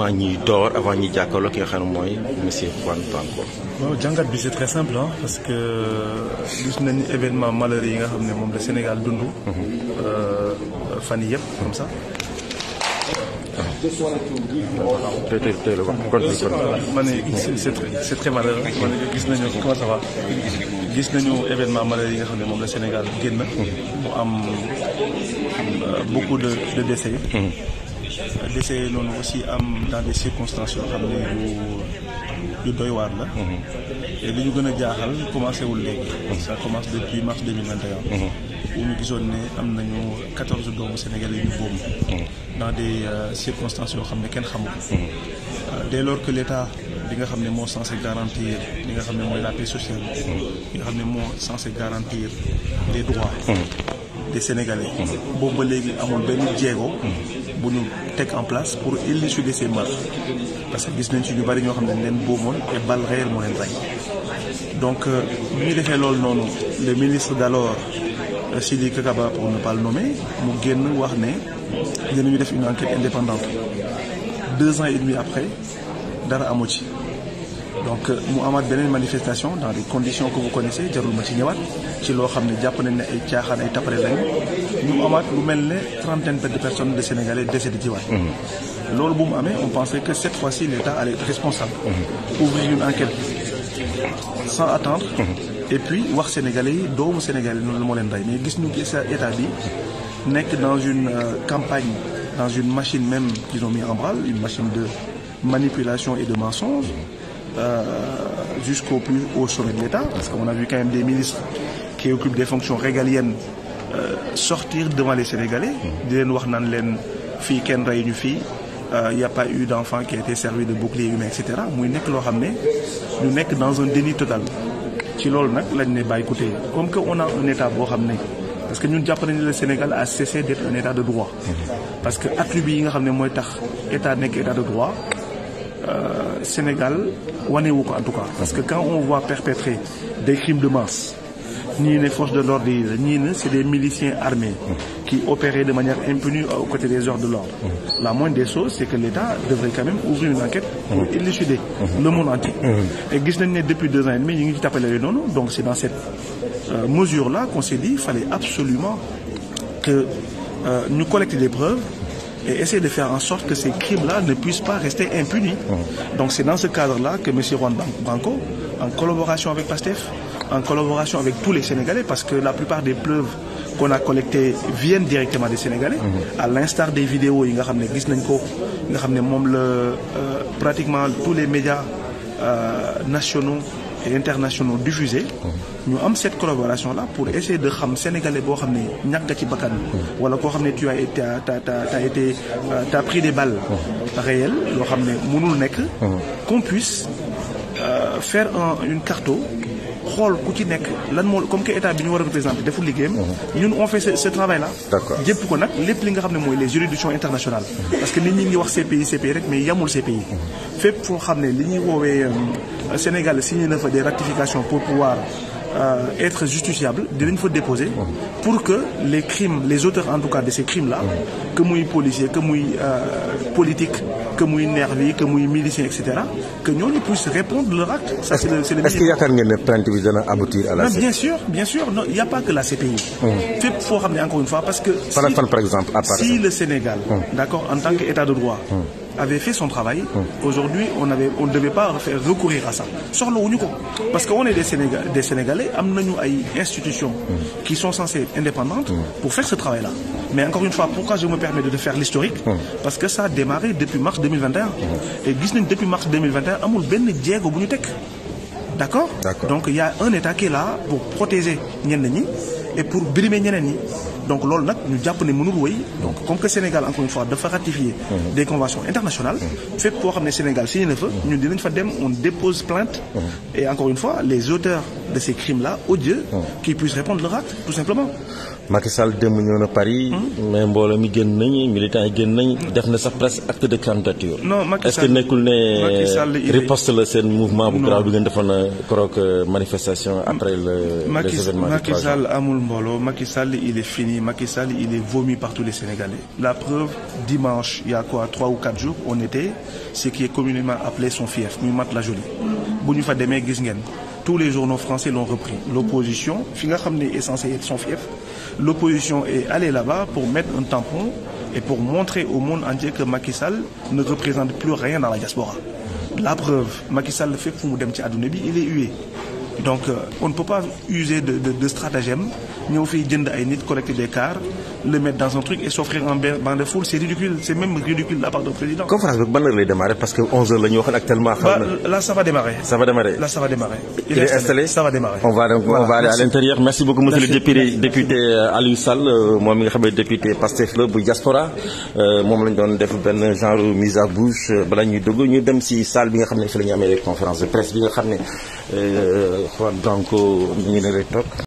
maa ñuy door avant ñuy jàkkaarloo ki nga xam ne bi c'est parce que euh, gis nañu événement malheureux yi nga xam ne moom la Sénégal dund. Euh, fan yii yëpp comme ma ne gis nañu comment ça gis nañu événement malheureux yi nga xam ne moom la Sénégal génn. mu am euh, beaucoup de de décès. décès noonu aussi am dans des circonstances yoo xam ne yu yu doy waar la. Mhm. et li ñu gën a jaaxal commencé wul léegi. sa mhm. commence depuis mars 2021. Mhm. où ñu gisoon ne am na ñu quatorze doomu sénégal yu ñu boom. dans des euh, circonstances yoo xam ne kenn xamul. Euh, dès lors que l'État bi nga xam ne moo censé garantir li nga xam ne mooy la paix sociale. bi nga xam ne moo censé garantir les droits. des Sénégalais. boobu ba léegi amul benn jéego. bu nu teg en place pour élucider ces meurtres parce que gis nañ ci ñu bari ñoo xam ne leen boomoon et balle réelle moo leen rey donc euh, bi ñu defee loolu noonu le ministre d'alors euh, Sidi Kakaba pour ne pas le nommer mu génn wax ne ñu def une enquête indépendante deux ans et demi après dara amu ci. donc euh, mu amaat beneen manifestation dans des conditions que vous connaissez jarul ma ci ñëwaat ci loo xam ne jàpp nañ ne ay caaxaan ay tapare lañu ñu amaat lu mel ne trentaine de personnes de Sénégalais décédées ci waat mhm. loolu bu mu amee on pensait que cette fois-ci l'État allait être responsable mhm. ouvrir une enquête sans attendre mhm. et puis wax sénégalais yi doomu sénégalais noonu moo leen rey mais gis ñu gis état bi nekk dans une euh, campagne dans une machine même qu'ils ont mis en branle une machine de manipulation et de Euh, jusqu'au plus haut sommet de l'État, parce qu'on a vu quand même des ministres qui occupent des fonctions régaliennes euh, sortir devant les Sénégalais di leen wax naan leen fii kenn rey ñu fii euh, y a pas eu d'enfant qui a été servi de bouclier humain et cetera muy nekk loo xam ne ñu nekk dans un déni total ci loolu nag lañ ne bàyyi côté comme que on a un état boo xam ne parce que ñun jàpp nañu le Sénégal a cessé d'être un état de droit mmh. parce que attribut yi nga xam ne mooy tax état nekk état euh, Sénégal wanewu ko en tout cas parce que quand on voit perpétrer des crimes de masse ñii ne forces de l'ordre yi la ñii c'est des miliciens armés qui opéraient de manière impunie aux côtés des ordres de l'ordre la moindre des choses c'est que l'État devrait quand même ouvrir une enquête pour mm-hmm. élucider mm-hmm. le monde entier mm-hmm. et gis nañ ne depuis deux ans et demi ñu ngi ci tappale yooyu noonu donc c'est dans cette euh, mesure là qu'on s'est dit il fallait absolument que euh, ñu collecte des et essayer de faire en sorte que ces crimes-là ne puissent pas rester impunis. Mmh. Donc c'est dans ce cadre-là que M. Juan Branco, en collaboration avec PASTEF, en collaboration avec tous les Sénégalais, parce que la plupart des preuves qu'on a collectées viennent directement des Sénégalais, mmh. à l'instar des vidéos, il y a pratiquement tous les médias euh, nationaux et internationaux diffusés ñu am cette collaboration là pour essayer de xam sénégalais boo xam ne ñàkk nga ci bakkan wala koo xam ne tu as été t'as t'as été euh, t'as pris des balles réelles loo xam ne mënul nekk qu'on puisse euh, faire un une carto xool ku ci nekk lan moo comme que état bi ñu war a deful liggéeyam. ñun on fait ce travail là. jëpp ko nag lépp li nga xam ne mooy les juridictions internationales. parce que nit ñi ngi wax CPI CPI rek mais yamul CPI. fépp foo xam ne li ñuy euh, Euh, Sénégal signé na fa des ratifications pour pouvoir euh, être justifiable dinañ fa déposer pour que les crimes les auteurs en tout cas de ces crimes là que muy policier que muy euh, politique que muy nervi que muy milicien et cetera que ñooñu puissent répondre leur acte. ça le c'est ne plainte bi à bien sûr bien sûr a pas que la CPI. fépp foo xam ne encore une fois parce que. si le Sénégal. d'accord en tant qu'état de droit. avait fait son travail aujourd'hui on ne devait pas recourir à ça soxlawuñu ko parce que on est des Sénégal des Sénégalais am nañu ay institutions qui sont censées indépendantes pour faire ce travail là mais encore une fois pourquoi je me permets de faire l'historique parce que ça a démarré depuis mars 2021 et gis nañ depuis mars 2021 amul benn jéego bu ñu teg d'accord donc il y a un état qui est là pour protéger ñenn et pour brimer ñeneen ñi donc loolu nag ñu jàpp ne mënul wéy comme que Sénégal encore une fois dafa ratifier mmh. des conventions internationales mmh. fépp foo xam ne Sénégal signé na fa mmh. ñun dinañ fa dem on dépose plainte et encore une fois les auteurs de ces crimes là odieux qu'ils puissent répondre leur acte tout simplement Macky Sall démb ñëw na Paris. Hmm? mais mbooloo mi génn nañu militan yi génn nañu. def na sa presque acte de candidature. non Macky Sall est-ce que nekkul ne riposte la seen mouvement bu graaw bi ngeen defoon keroog euh, manifestation après le les événements. Macky Sall amul mbooloo Macky Sall il est fini Macky Sall il est vomi par tous les Sénégalais. la preuve dimanche il y a quoi trois ou quatre jours on était ce qui est communément appelé son fief muy Mat la Jolie bu ñu fa demee gis ngeen. tous les journaux français l'ont repris. L'opposition, fi nga xam ne est censé être son fief, l'opposition est allée là-bas pour mettre un tampon et pour montrer au monde entier que Macky Sall ne représente plus rien dans la diaspora. La preuve, Macky Sall fépp fu mu dem ci àdduna bi, il est hué. donc euh, on ne peut pas user de de, de stratagème ñëw fiy jënd ay nit collecter des cars le mettre dans un truc et s'offrir en bande de foule c'est ridicule c'est même ridicule la part du président. conférence bi ban heure démarrer parce que 11h la ñu waxoon actuellement. xam na là ça va démarrer. ça va démarrer là ça va démarrer. il est installé ça va démarrer. merci beaucoup monsieur le député député euh, Aliou Sall euh, moom nga xam ne député Pastef la bu diaspora moom lañ doon def benn genre mise à bouche ñuy dugg ñu dem si salle bi nga xam ne fi la ñu amee conférence de presse nga xam ne. donc ñu ngi ne rek toog